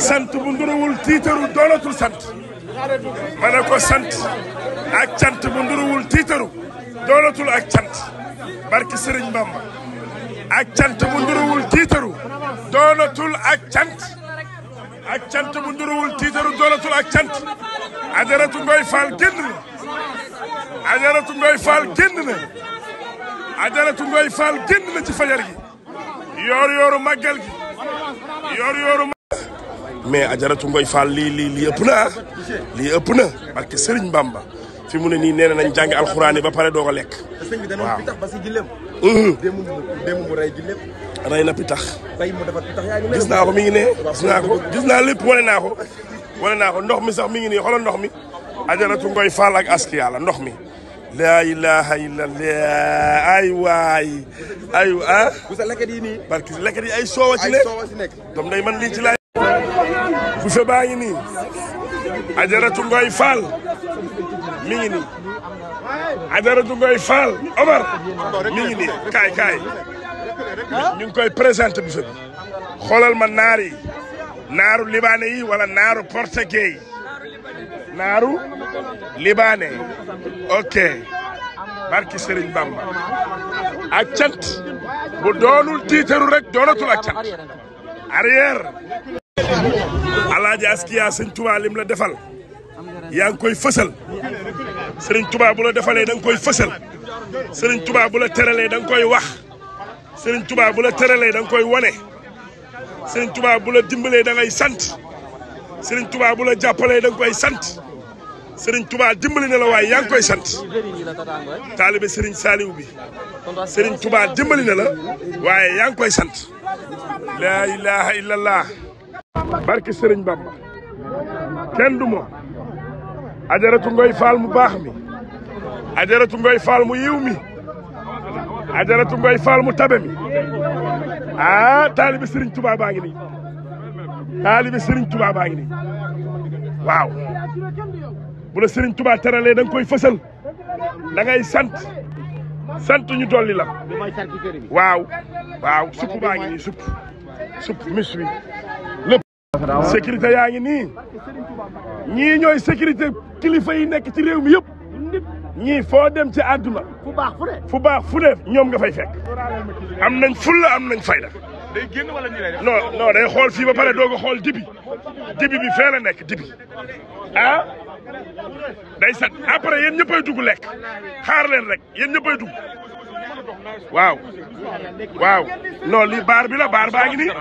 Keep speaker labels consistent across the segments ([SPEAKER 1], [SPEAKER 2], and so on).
[SPEAKER 1] sant bu nduruwul tiitaru doonatul sant ma ne ko sant ak cant bu nduruwul tiitaru doonatul ak cant barki Sëriñ Bamba ak cant bu nduruwul tiitaru doonatul ak cant ak cant bu nduruwul tiitaru doonatul ak cant ajaratu Ngoy Fall génn na ajaratu Ngoy Fall génn na ajaratu Ngoy Fall génn na ci fajar gi yoor yooru màggal gi yoor yooru mais ajaratu ngoy faal lii li lii ëpp na ah lii ëpp na barke Serigne fi mu ne nii nee nañ jàngi alxuraan yi ba pare doog lekk. waaw bi tax ba si rey na pitax. bay mu dafa pitax yaa ngi gis naa ko mi ngi ne. gis naa gis naa lépp wane naa ko. wane naa ko ndox mi sax mi ngi nii xoolal ndox mi. ajaratu ngoy faal ak aski yàlla ndox mi. laa ilaha illa llah ay waay ay ah. bu sa yi nii. barki lekkat yi ay soowa ci ci nekk. doom day man lii ci laay. bu sa baa ngi nii ajaratu ngoy faal mi ngi ajaratu ngoy faal Omar mi ngi nii kaay kaay koy présenté bu sa bi xoolal ma naar naaru libaane yi wala naaru portugais yi naaru libaane ok barki Serigne Bamba ak bu doonul tiitaru rek doonatul ak cant alaaji askiya sëñ Tuubaa lim la defal yaa ngi koy fësal sëriñ Tuubaa bu la defalee da nga koy fësal sëriñ Tuubaa bu la teralee da koy wax sëriñ Tuubaa bu la teralee da koy wane sëriñ Tuubaa bu la dimbalee da ngay sant sëriñ Tuubaa bu la jàppalee da koy sant sëriñ Tuubaa dimbali na la waaye yaa koy sant taalibe sëriñ Saaliw bi sëriñ Tuubaa dimbali na la waaye yaa koy sant laa ilaha illallah barke Serigne Bamba kenn du moom ajaratu ngoy mu baax mi ajaratu ngoy faal mu yiw mi ajaratu ngoy faal mu tabe mi ah taalibi Serigne Touba baa ngi nii taalibi Serigne Touba baa ngi nii waaw bu la Serigne Touba teralee da nga koy fësal da ngay sant sant ñu dolli la waaw waaw supp baa ngi nii supp supp sécurité yaa ngi nii ñii ñooy sécurité kilifa yi nekk ci réew mi yëpp ñii foo dem ci àdduna fu baax fu ne fu baax fu ñoom nga fay fekk am nañ fulla am nañ fayda day génn wala ñu lay day xool fii ba pare doo ko xool dibi dibi bi fee nekk dibi ah day set après yéen ñëppay dugg lekk xaar leen rek yéen ñëppay dugg waaw waaw non li baar bi la baar baa ngi nii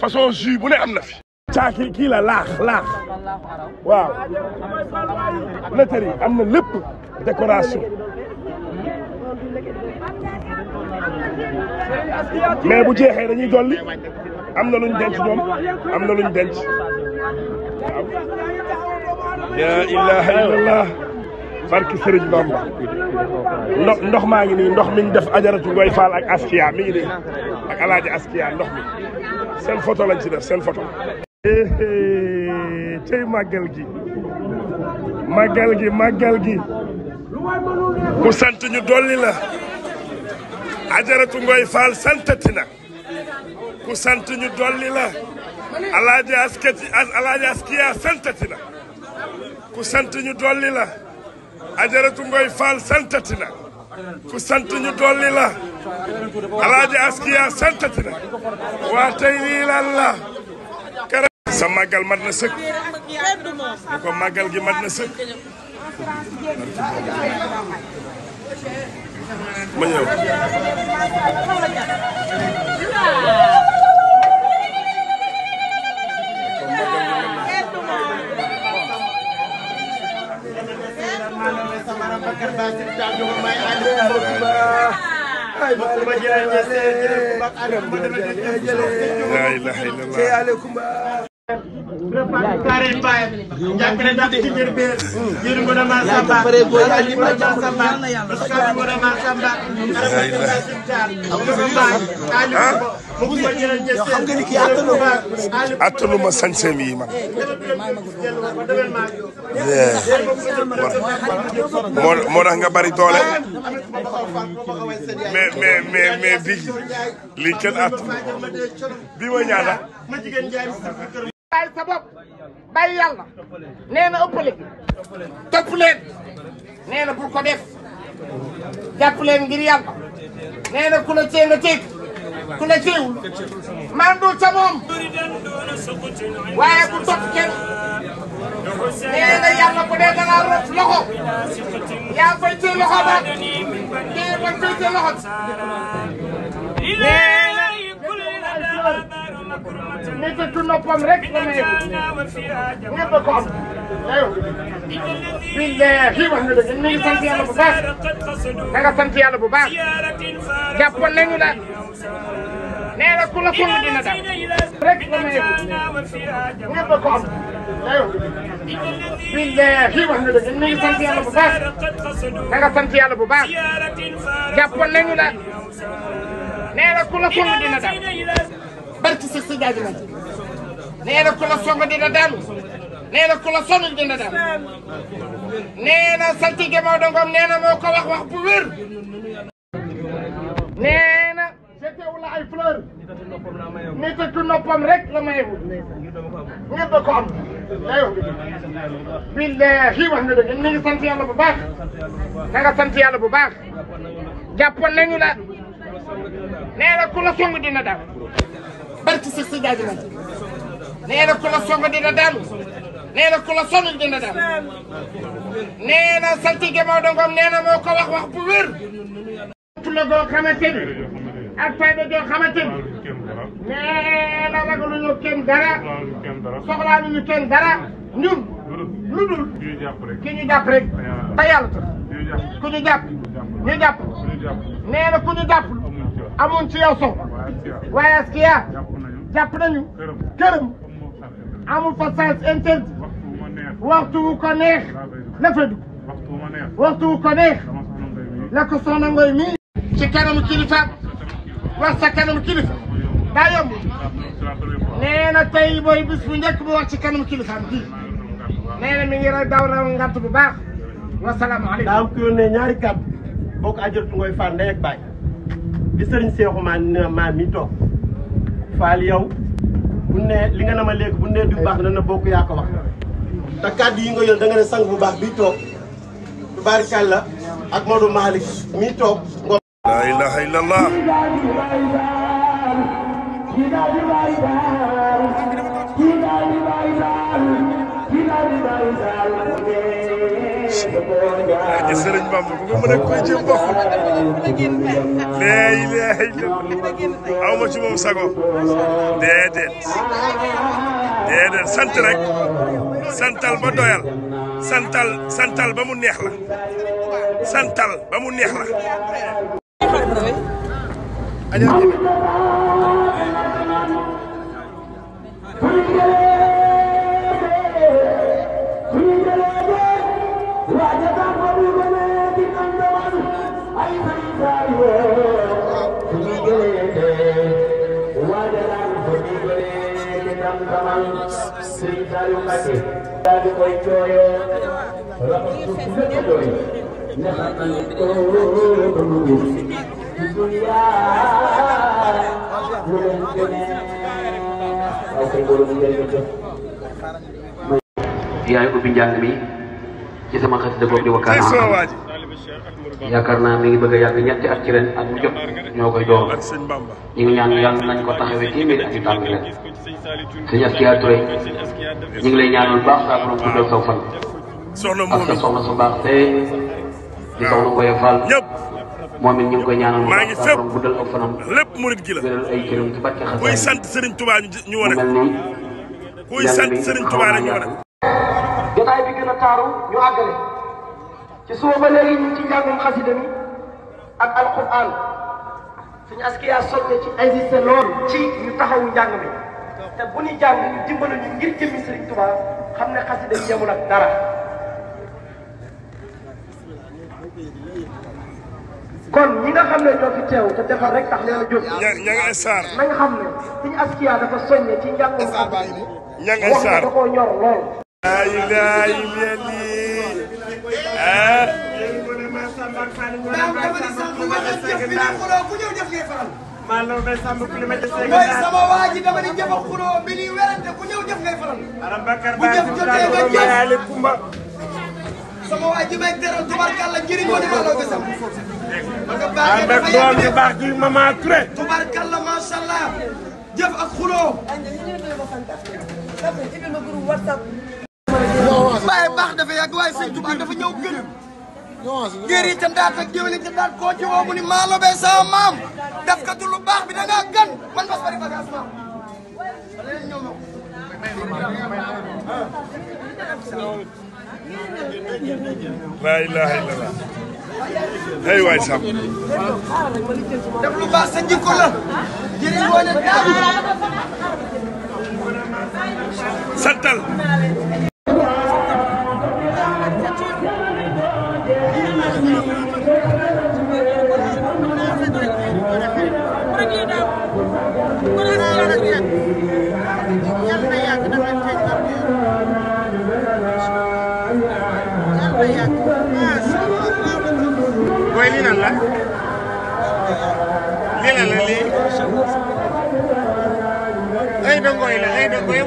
[SPEAKER 1] façon jus bu ne am na fi تاكي كيلا لاخ لاخ واو لتري امنا لب ديكوراسيون
[SPEAKER 2] مي بو جيخي داني دولي
[SPEAKER 1] امنا لون دنت دوم امنا لون دنت يا اله الا الله بارك سيرج دوم ندخ ماغي ني ندخ مي ندف اجرات غوي فال اك اسكيا مي ني اك الاجي اسكيا ندخ مي سين فوتو لا سين فوتو Eh, tey màggal gi màggal gi màggal gi ku sant ñu dolli la ajaratu ngoy faal santati na ku sant ñu dolli la alaaji askati alaaji askiya ku sant ñu dolli la ajaratu ngoy faal santati ku sant ñu dolli la
[SPEAKER 2] alaaji askiya santati waa tey lii lan la
[SPEAKER 1] sa màggal mat na sëkk
[SPEAKER 2] mu ko màggal gi mat na kare mbaye xam nga ni ki
[SPEAKER 1] attanu ma sansem yi man moo tax bari doole mais mais mais mais li kenn attanu bi wa
[SPEAKER 2] bàyyi sa bopp bàyyi yàlla nee na ngir yàlla nee na ku la cee nga ceeb ku la ceewul mandul moom waaye bu topp kenn nee na yàlla bu dee loxo yaa koy ci loxo ba kii ba koy ci loxo nee nit ci noppam rek la may ñëpp a ko am aywa. biñ de kii wax nga dëgg ñu ngi sant yàlla bu baax na nga sant yàlla bu baax jàppoon nañu la nee na ku la toll dina daal rek la may ñëpp a ko am aywa. biñ de kii wax nga dëgg ñu ngi sant yàlla bu baax na nga sant yàlla bu baax jàppoon nañu la nee na ku la toll dina daal. barki si si jaaju moom nee na ku la song dina daanu nee na ku la sonn dina na saltige Maodo Ngom nee na moo ko wax wax bu wér nee na jetewu la ay fleur nit rek la mayewu ngir da ko am day wax billahi wax nga dëgg ni ngi sant yàlla bu baax na nga sant yàlla bu baax jàppoon nañu la nee na ku barki si si jaaju nañ nee na ku la song dina daanu nee saltige Maodo Ngom nee moo ko wax wax bu wér. la goo xamante ni ak fayda goo xamante ni nee na ragaluñu kenn dara soxlaanuñu dara ñun lu dul ki ñu jàpp rek ba yàlla tax ku ñu jàpp ci yow voyage ki yaa jàpp nañu këram amul fa sens interdit waxtu wu ko neex la fa dugg waxtu wu ko neex la o soxna Ngoy mi ci kanamu kilifa wax sa kanamu kilifa daa yomb nee na tey mooy bis bu njëkk bu wax ci kanamu kilifaam kii nee na mi ngi ra daw raw ngant bu baax wasalaamaaleykum daaw ku yónnee ñaari kàddu boo ko ajortu Ngoy Fall ndey di sëriñ seexu maam maam toog faal yow bu ne li nga ne ma léegi bu ne du baax na na bokk yaa ko wax te yi nga yoon da ne sang bu baax bi toog tubaarikàlla ak Maodo Malick mi toog ngo
[SPEAKER 1] la ilaha illallah
[SPEAKER 2] Thank you.
[SPEAKER 1] si waaye sëriñ mën a koy jéem bokkul léegi léegi aw ma ci moom sago déedéet déedéet sant rek santal ba doyal santal santal ba mu neex la santal ba mu neex la.
[SPEAKER 2] sëñ Saliou Mbacké daal di koy jooyoo
[SPEAKER 1] rafetlu lépp jooy ne xam nañu ko lu duniyaa
[SPEAKER 2] lu leen demee
[SPEAKER 1] waaw kay loolu mu njëriñ la yaay ubbi njàng mi ci sama xas dëgg di wakkaan yaakaar naa mi ngi bëgg a yàgg ñetti at ci ren at mu ñoo koy door ñu ngi nañ ko taxawee téeméeri at yu tànn leen sëñ Askia Touré ñu ngi lay ñaanal baax saa moom it ñu ngi koy ñaanal bu baax saa borom guddal ak fanam lépp murit gi la gënal ay cëram ci barke xasaay kuy sant Serigne Touba ñu wane mel ni kuy
[SPEAKER 2] a taaru ñu àggale ci suba ba léegi ñu ngi ci njàngum xasida mi ak alquran suñu askiya soññe ci insisté lool ci ñu taxawu njàng mi te bu ñu jàng ñu dimbalu ñu ngir jëmmi xam ne xasida yemul ak dara kon ñi nga xam ne ñoo fi teew te defar rek tax leen a jóg ñanga saar na xam ne suñu askiya dafa soññe
[SPEAKER 1] ci njàngum xasida ñanga saar wax da koo ñor
[SPEAKER 2] lool dama ni sànq waxal jëf bi nii xuloo ku ñëw jëf ngay faral. maa loolu bay sàmm ku li ma jëf mooy sama waa ji dama ni jëf ak xuloo bi nii werante ku ñëw jëf ngay faral. bu jëf jotee nga jëf sama waa ji may teral tubarkalla njëriñ moo di maaloo ba sàmm. nga baaxee dafa yàgg
[SPEAKER 1] de baax gi maman Touré.
[SPEAKER 2] tubarkalla macha allah jëf ak xuloo. waaye baax dafa yàgg waaye sëñ Tuubaa dafa ñëw gën. ngir itam daal ak jiw itam daal koo ci woo ni maa lobee sama maam def ko baax bi da ngaa gan man bas bari bagage maam.
[SPEAKER 1] laa ilaaha illallah. ay waay Samb.
[SPEAKER 2] lu baax sa jikko la. jërëjëf boo ne santal.
[SPEAKER 1] nó gọi là hay nó
[SPEAKER 2] gọi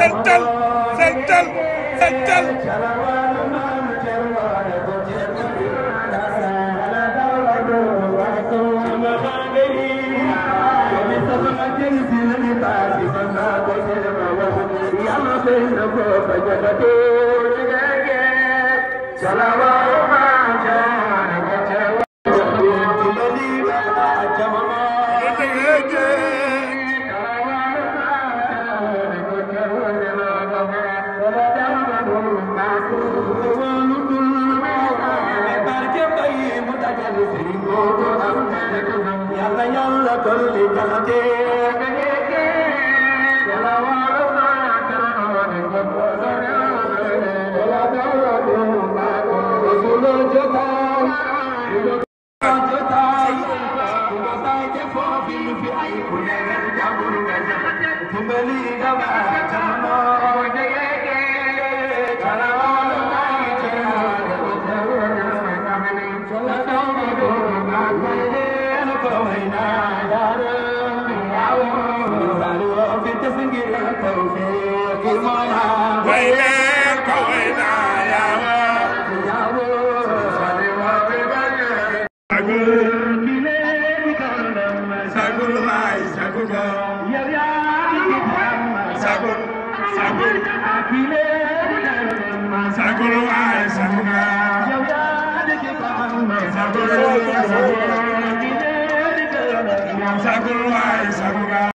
[SPEAKER 2] Sentel, sentel, sentel. जगते Thank you.
[SPEAKER 1] the right.